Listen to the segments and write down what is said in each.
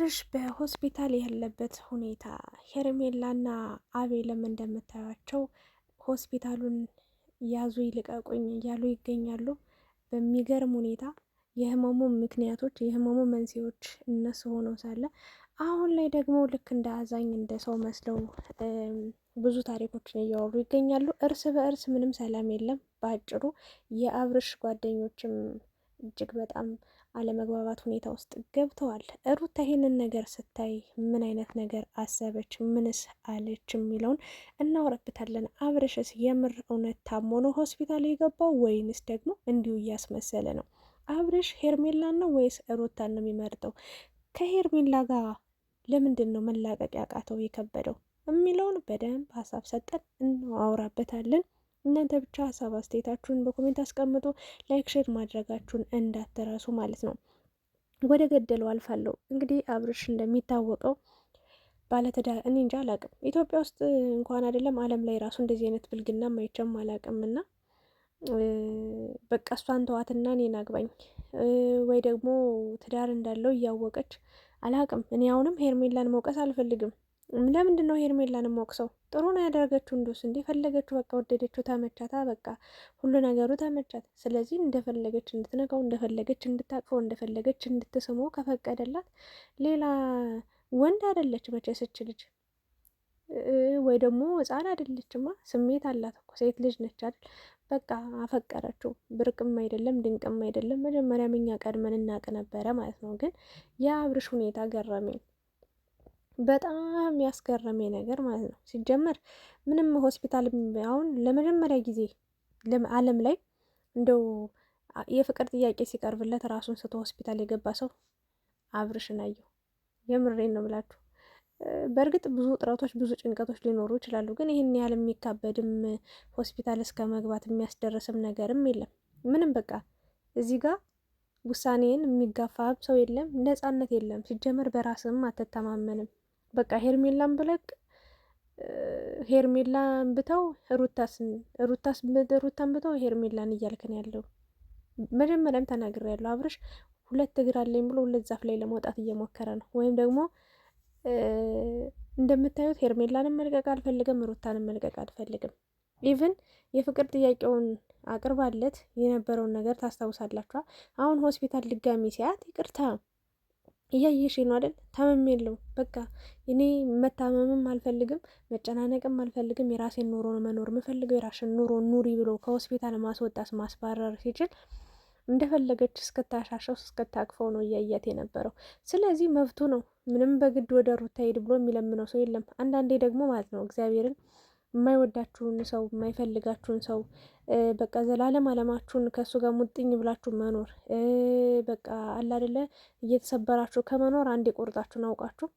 አብርሽ በሆስፒታል ያለበት ሁኔታ ሄርሜላና አቤልም እንደምታያቸው ሆስፒታሉን ያዙ ይልቀቁኝ እያሉ ይገኛሉ። በሚገርም ሁኔታ የህመሙ ምክንያቶች የህመሙ መንስኤዎች እነሱ ሆነው ሳለ አሁን ላይ ደግሞ ልክ እንደ አዛኝ እንደ ሰው መስለው ብዙ ታሪኮችን እያወሩ ይገኛሉ። እርስ በእርስ ምንም ሰላም የለም። በአጭሩ የአብርሽ ጓደኞችም እጅግ በጣም አለመግባባት ሁኔታ ውስጥ ገብተዋል። ሩታ ይሄንን ነገር ስታይ ምን አይነት ነገር አሰበች? ምንስ አለች? የሚለውን እናወረብታለን። አብረሽስ የምር እውነት ታሞ ነው ሆስፒታል የገባው ወይንስ ደግሞ እንዲሁ እያስመሰለ ነው? አብረሽ ሄርሜላ ነው ወይስ ሩታ ነው የሚመርጠው? ከሄርሜላ ጋር ለምንድን ነው መላቀቅ ያቃተው የከበደው የሚለውን በደንብ ሀሳብ ሰጠን እናወራበታለን። እናንተ ብቻ ሀሳብ አስተያየታችሁን በኮሜንት አስቀምጡ። ላይክ፣ ሼር ማድረጋችሁን እንዳትረሱ ማለት ነው። ወደ ገደለው አልፋለሁ። እንግዲህ አብርሽ እንደሚታወቀው ባለትዳር እኔ እንጃ አላቅም። ኢትዮጵያ ውስጥ እንኳን አይደለም ዓለም ላይ ራሱ እንደዚህ አይነት ብልግና ማይቸም አላቅም። እና በቃ እሷን ተዋትና እኔን አግባኝ ወይ ደግሞ ትዳር እንዳለው እያወቀች አላቅም። እኔ አሁንም ሄርሜላን መውቀስ አልፈልግም። ለምንድን ነው ሄርሜላን የምወቅሰው? ጥሩ ነው ያደረገችው። እንዱስ ፈለገችው በቃ ወደደችው፣ ተመቻታ፣ በቃ ሁሉ ነገሩ ተመቻት። ስለዚህ እንደፈለገች እንድትነቀው፣ እንደፈለገች እንድታቅፈው፣ እንደፈለገች እንድትስመው ከፈቀደላት ሌላ ወንድ አይደለች መቼ ስች ልጅ ወይ ደግሞ ህፃን አይደለችማ፣ ስሜት አላት እኮ ሴት ልጅ ነች አይደል? በቃ አፈቀረችው። ብርቅም አይደለም ድንቅም አይደለም። መጀመሪያም እኛ ቀድመን እናቅ ነበረ ማለት ነው። ግን የአብርሽ ሁኔታ ገረመኝ። በጣም ያስገረመኝ ነገር ማለት ነው። ሲጀመር ምንም ሆስፒታል አሁን ለመጀመሪያ ጊዜ ዓለም ላይ እንደው የፍቅር ጥያቄ ሲቀርብለት ራሱን ስቶ ሆስፒታል የገባ ሰው አብርሽን አየሁ። የምሬን ነው ብላችሁ በእርግጥ ብዙ ጥረቶች ብዙ ጭንቀቶች ሊኖሩ ይችላሉ፣ ግን ይህን ያህል የሚካበድም ሆስፒታል እስከ መግባት የሚያስደርስም ነገርም የለም። ምንም በቃ እዚህ ጋር ውሳኔን የሚጋፋ ሰው የለም፣ ነጻነት የለም። ሲጀመር በራስም አትተማመንም። በቃ ሄርሜላን ብለቅ ሄርሜላን ብተው ሩታስን ሩታስ ሩታን ብተው ሄርሜላን እያልክን ያለው። መጀመሪያም ተናግሬ ያለው አብርሽ ሁለት እግር አለኝ ብሎ ሁለት ዛፍ ላይ ለመውጣት እየሞከረ ነው። ወይም ደግሞ እንደምታዩት ሄርሜላንም መልቀቅ አልፈልግም፣ ሩታንም መልቀቅ አልፈልግም። ኢቭን የፍቅር ጥያቄውን አቅርባለት የነበረውን ነገር ታስታውሳላችኋል። አሁን ሆስፒታል ድጋሚ ሲያት ይቅርታ እያየሽ ነው አይደል? ታመም የለው በቃ እኔ መታመምም አልፈልግም፣ መጨናነቅም አልፈልግም። የራሴን ኑሮ ነው መኖር የምፈልገው። የራሽን ኑሮ ኑሪ ብሎ ከሆስፒታል ማስወጣት ማስባረር ሲችል እንደፈለገች እስከታሻሸው እስከታቅፈው ነው እያያት የነበረው። ስለዚህ መብቱ ነው። ምንም በግድ ወደ ሩታ ሄድ ብሎ የሚለምነው ሰው የለም። አንዳንዴ ደግሞ ማለት ነው እግዚአብሔርን የማይወዳችሁን ሰው የማይፈልጋችሁን ሰው በቃ ዘላለም አለማችሁን ከእሱ ጋር ሙጥኝ ብላችሁ መኖር በቃ አለ አይደለ እየተሰበራችሁ ከመኖር አንድ የቆርጣችሁን አውቃችሁ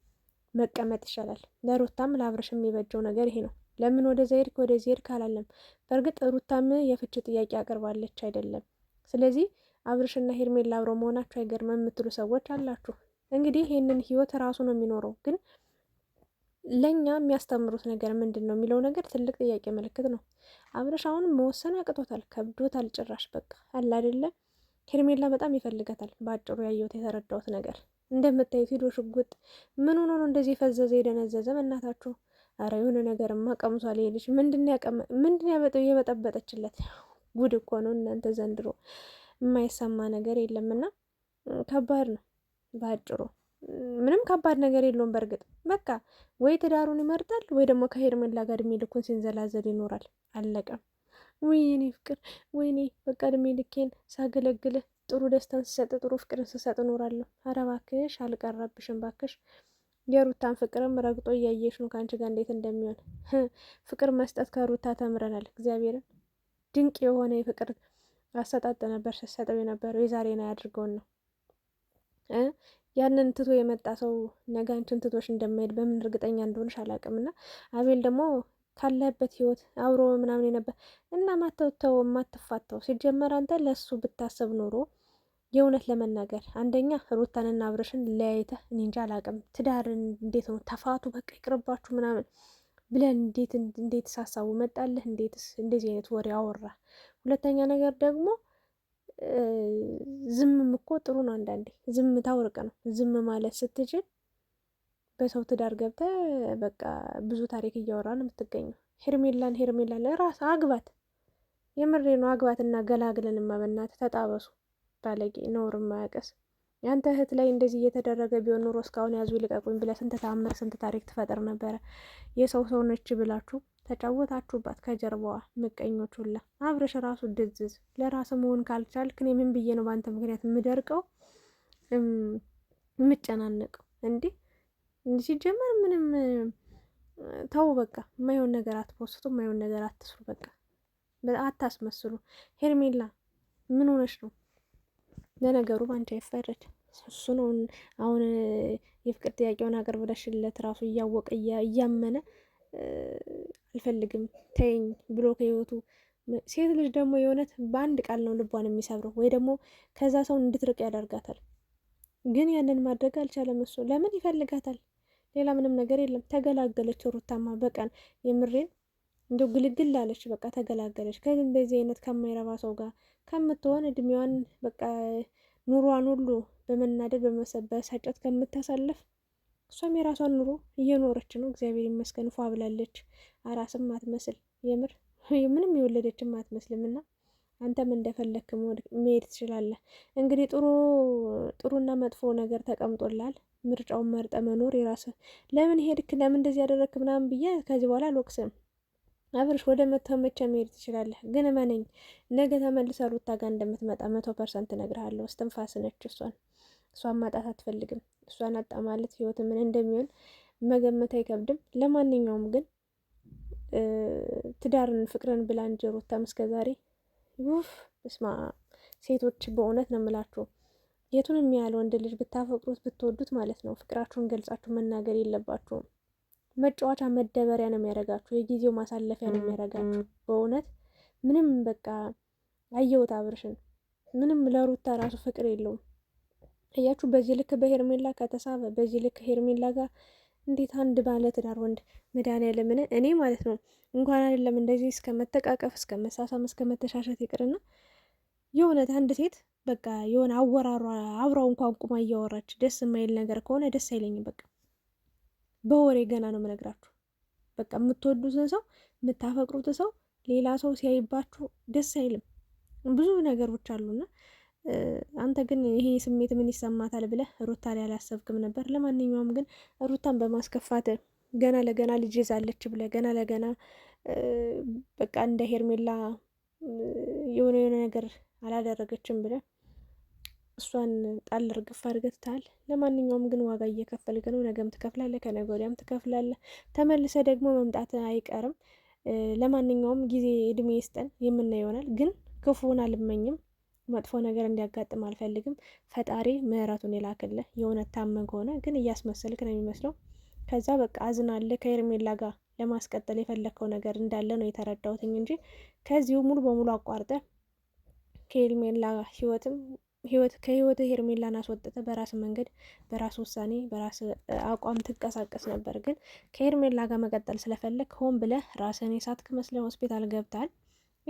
መቀመጥ ይሻላል። ለሩታም ለአብረሽ የሚበጀው ነገር ይሄ ነው። ለምን ወደ ዘይርክ ወደ ዘይርክ አላለም። በእርግጥ ሩታም የፍቺ ጥያቄ አቅርባለች አይደለም። ስለዚህ አብርሽና ሄርሜላ አብረው መሆናቸው አይገርምም የምትሉ ሰዎች አላችሁ። እንግዲህ ይህንን ህይወት ራሱ ነው የሚኖረው ግን ለእኛ የሚያስተምሩት ነገር ምንድን ነው የሚለው ነገር ትልቅ ጥያቄ ምልክት ነው። አብረሽ አሁን መወሰን አቅቶታል፣ ከብዶታል ጭራሽ በቃ አለ አይደለ። ሄርሜላ በጣም ይፈልጋታል። በአጭሩ ያየሁት የተረዳሁት ነገር እንደምታዩት ሂዶ ሽጉጥ ምን ሆኖ ነው እንደዚህ ፈዘዘ የደነዘዘ እናታችሁ? አረ የሆነ ነገር ማቀምሷል። ይሄ ልጅ ምንድን የበጠበጠችለት? ጉድ እኮ ነው እናንተ ዘንድሮ የማይሰማ ነገር የለምና ከባድ ነው በአጭሩ ምንም ከባድ ነገር የለውም። በእርግጥ በቃ ወይ ትዳሩን ይመርጣል ወይ ደግሞ ከሄርሜላ ጋር እድሜ ልኩን ሲንዘላዘል ይኖራል። አለቀም። ወይኔ ፍቅር ወይኔ በቃ እድሜ ልኬን ሳገለግልህ ጥሩ ደስታን ስሰጥ ጥሩ ፍቅርን ስሰጥ እኖራለሁ። ኧረ እባክሽ አልቀረብሽም እባክሽ። የሩታን ፍቅርም ረግጦ እያየሽ ነው ከአንቺ ጋር እንዴት እንደሚሆን ፍቅር መስጠት ከሩታ ተምረናል። እግዚአብሔርን ድንቅ የሆነ የፍቅር አሰጣጥ ነበር ስትሰጠው የነበረው የዛሬን አያድርገውን ነው ያንን ትቶ የመጣ ሰው ነገ አንቺን ትቶሽ እንደማይሄድ በምን እርግጠኛ እንደሆንሽ አላውቅም። እና አቤል ደግሞ ካለህበት ህይወት አብሮ ምናምን የነበር እና ማተውተው ማትፋተው ሲጀመር አንተ ለእሱ ብታሰብ ኖሮ የእውነት ለመናገር አንደኛ ሩታንና አብረሽን ለያይተ እኔ እንጃ አላውቅም። ትዳርን እንዴት ነው ተፋቱ፣ በቃ ይቅርባችሁ ምናምን ብለን እንዴት እንዴት ሳሳቡ መጣልህ? እንዴትስ እንደዚህ አይነት ወሬ አወራ? ሁለተኛ ነገር ደግሞ ዝምም እኮ ጥሩ ነው። አንዳንዴ ዝም ወርቅ ነው። ዝም ማለት ስትችል በሰው ትዳር ገብተ በቃ ብዙ ታሪክ እያወራ ነው የምትገኘው። ሄርሜላን ሄርሜላን ራስ አግባት፣ የምሬ ነው አግባት እና ገላግለንማ ተጣበሱ። ባለጌ ነውር ማያቀስ ያንተ እህት ላይ እንደዚህ እየተደረገ ቢሆን ኑሮ እስካሁን ያዙ ይልቀቁኝ ብለ ስንት ታምር ስንት ታሪክ ትፈጥር ነበረ። የሰው ሰው ነች ብላችሁ ተጫወታችሁባት ከጀርባዋ ምቀኞች ሁላ። አብረሽ ራሱ ድዝዝ ለራስ መሆን ካልቻል ክኔ ምን ብዬ ነው በአንተ ምክንያት የምደርቀው የምጨናነቀው? እንዴ ሲጀመር ምንም ተው በቃ። የማይሆን ነገር አትፖስቱ፣ የማይሆን ነገር አትስሩ። በቃ አታስመስሉ። ሄርሜላ ምን ሆነች ነው? ለነገሩ ባንቺ አይፈረድ እሱ ነው። አሁን የፍቅር ጥያቄውን አቅርብለሽለት ራሱ እያወቀ እያመነ አልፈልግም ተይኝ ብሎ ከህይወቱ ሴት ልጅ ደግሞ የእውነት በአንድ ቃል ነው ልቧን የሚሰብረው ወይ ደግሞ ከዛ ሰው እንድትርቅ ያደርጋታል። ግን ያንን ማድረግ አልቻለም። እሱ ለምን ይፈልጋታል? ሌላ ምንም ነገር የለም። ተገላገለች ሩታማ በቀን የምሬን እንደው ግልግል አለች። በቃ ተገላገለች። ከዚህ እንደዚህ አይነት ከማይረባ ሰው ጋር ከምትሆን እድሜዋን በቃ ኑሯን ሁሉ በመናደድ በመሰበሳጨት ከምታሳልፍ እሷም የራሷን ኑሮ እየኖረች ነው። እግዚአብሔር ይመስገን ፏ ብላለች። አራስም አትመስል የምር ምንም የወለደችም አትመስልም። እና አንተም እንደፈለክ መሄድ ትችላለህ። እንግዲህ ጥሩ ጥሩና መጥፎ ነገር ተቀምጦላል። ምርጫውን መርጠ መኖር የራስህ። ለምን ሄድክ፣ ለምን እንደዚህ ያደረግክ ምናምን ብዬ ከዚህ በኋላ አልወቅስም። አብርሽ ወደ መተመቸ መሄድ ትችላለህ። ግን መነኝ ነገ ተመልሰ ሩታ ጋር እንደምትመጣ መቶ ፐርሰንት እነግርሃለሁ። እስትንፋስ ነች እሷን እሷን ማጣት አትፈልግም። እሷን አጣ ማለት ህይወት ምን እንደሚሆን መገመት አይከብድም። ለማንኛውም ግን ትዳርን ፍቅርን ብላ እንጂ ሩታም እስከ ዛሬ ውፍ እስማ ሴቶች በእውነት ነው የምላችሁ የቱን የሚያል ወንድ ልጅ ብታፈቅሩት ብትወዱት ማለት ነው ፍቅራችሁን ገልጻችሁ መናገር የለባችሁም። መጫወቻ መደበሪያ ነው የሚያደርጋችሁ፣ የጊዜው ማሳለፊያ ነው የሚያደርጋችሁ። በእውነት ምንም በቃ አየሁት አብርሽን ምንም ለሩታ ራሱ ፍቅር የለውም። አያችሁ፣ በዚህ ልክ በሄርሜላ ከተሳበ፣ በዚህ ልክ ሄርሜላ ጋር እንዴት አንድ ባለ ትዳር ወንድ መድኃኒዓለምን እኔ ማለት ነው እንኳን አይደለም እንደዚህ እስከ መተቃቀፍ እስከ መሳሳም እስከ መተሻሸት ይቅርና የእውነት አንድ ሴት በቃ የሆነ አወራሯ አብራው እንኳን ቁማ እያወራች ደስ የማይል ነገር ከሆነ ደስ አይለኝም። በቃ በወሬ ገና ነው የምነግራችሁ። በቃ የምትወዱትን ሰው የምታፈቅሩት ሰው ሌላ ሰው ሲያይባችሁ ደስ አይልም። ብዙ ነገሮች አሉና አንተ ግን ይሄ ስሜት ምን ይሰማታል ብለህ ሩታ ላይ አላሰብክም ነበር። ለማንኛውም ግን ሩታን በማስከፋት ገና ለገና ልጅ ይዛለች ብለህ ገና ለገና በቃ እንደ ሄርሜላ የሆነ የሆነ ነገር አላደረገችም ብለህ እሷን ጣል ርግፍ አድርገህ ለማንኛውም ግን ዋጋ እየከፈልክ ነው። ነገም ትከፍላለህ፣ ከነገ ወዲያም ትከፍላለህ። ተመልሰ ደግሞ መምጣት አይቀርም። ለማንኛውም ጊዜ እድሜ ይስጠን፣ የምናየው ይሆናል። ግን ክፉን አልመኝም። መጥፎ ነገር እንዲያጋጥም አልፈልግም። ፈጣሪ ምህረቱን የላክልህ የእውነት ታመን ከሆነ ግን እያስመሰልክ ነው የሚመስለው። ከዛ በቃ አዝናለ ከኤርሜላ ጋር ለማስቀጠል የፈለግከው ነገር እንዳለ ነው የተረዳሁትኝ እንጂ ከዚሁ ሙሉ በሙሉ አቋርጠ ከኤርሜላ ህይወትም ህይወት ከህይወት ሄርሜላን አስወጥተ በራስ መንገድ በራስ ውሳኔ በራስ አቋም ትንቀሳቀስ ነበር። ግን ከሄርሜላ ጋር መቀጠል ስለፈለግ ሆን ብለህ ራስን የሳትክ መስለ ሆስፒታል ገብታል።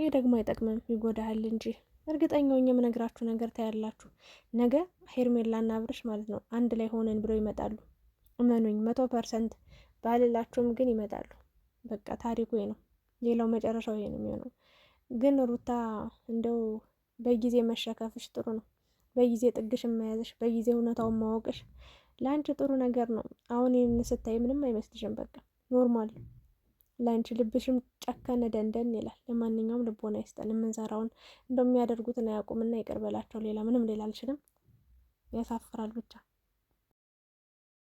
ይህ ደግሞ አይጠቅምም፣ ይጎዳሃል እንጂ እርግጠኛ ሆኜ የምነግራችሁ ነገር ታያላችሁ። ነገ ሄርሜላና አብርሽ ማለት ነው አንድ ላይ ሆነን ብለው ይመጣሉ። እመኑኝ መቶ ፐርሰንት ባልላችሁም ግን ይመጣሉ። በቃ ታሪኩ ነው። ሌላው መጨረሻው ይሄ ነው የሚሆነው። ግን ሩታ እንደው በጊዜ መሸከፍሽ ጥሩ ነው። በጊዜ ጥግሽ መያዝሽ፣ በጊዜ እውነታውን ማወቅሽ ለአንቺ ጥሩ ነገር ነው። አሁን ይህን ስታይ ምንም አይመስልሽም። በቃ ኖርማል ለአንቺ ልብሽም ጨከነ ደንደን ይላል። ለማንኛውም ልቦና ይስጠን። የምንሰራውን እንደሚያደርጉትን አያውቁምና ይቅር በላቸው። ሌላ ምንም ሌላ አልችልም። ያሳፍራል ብቻ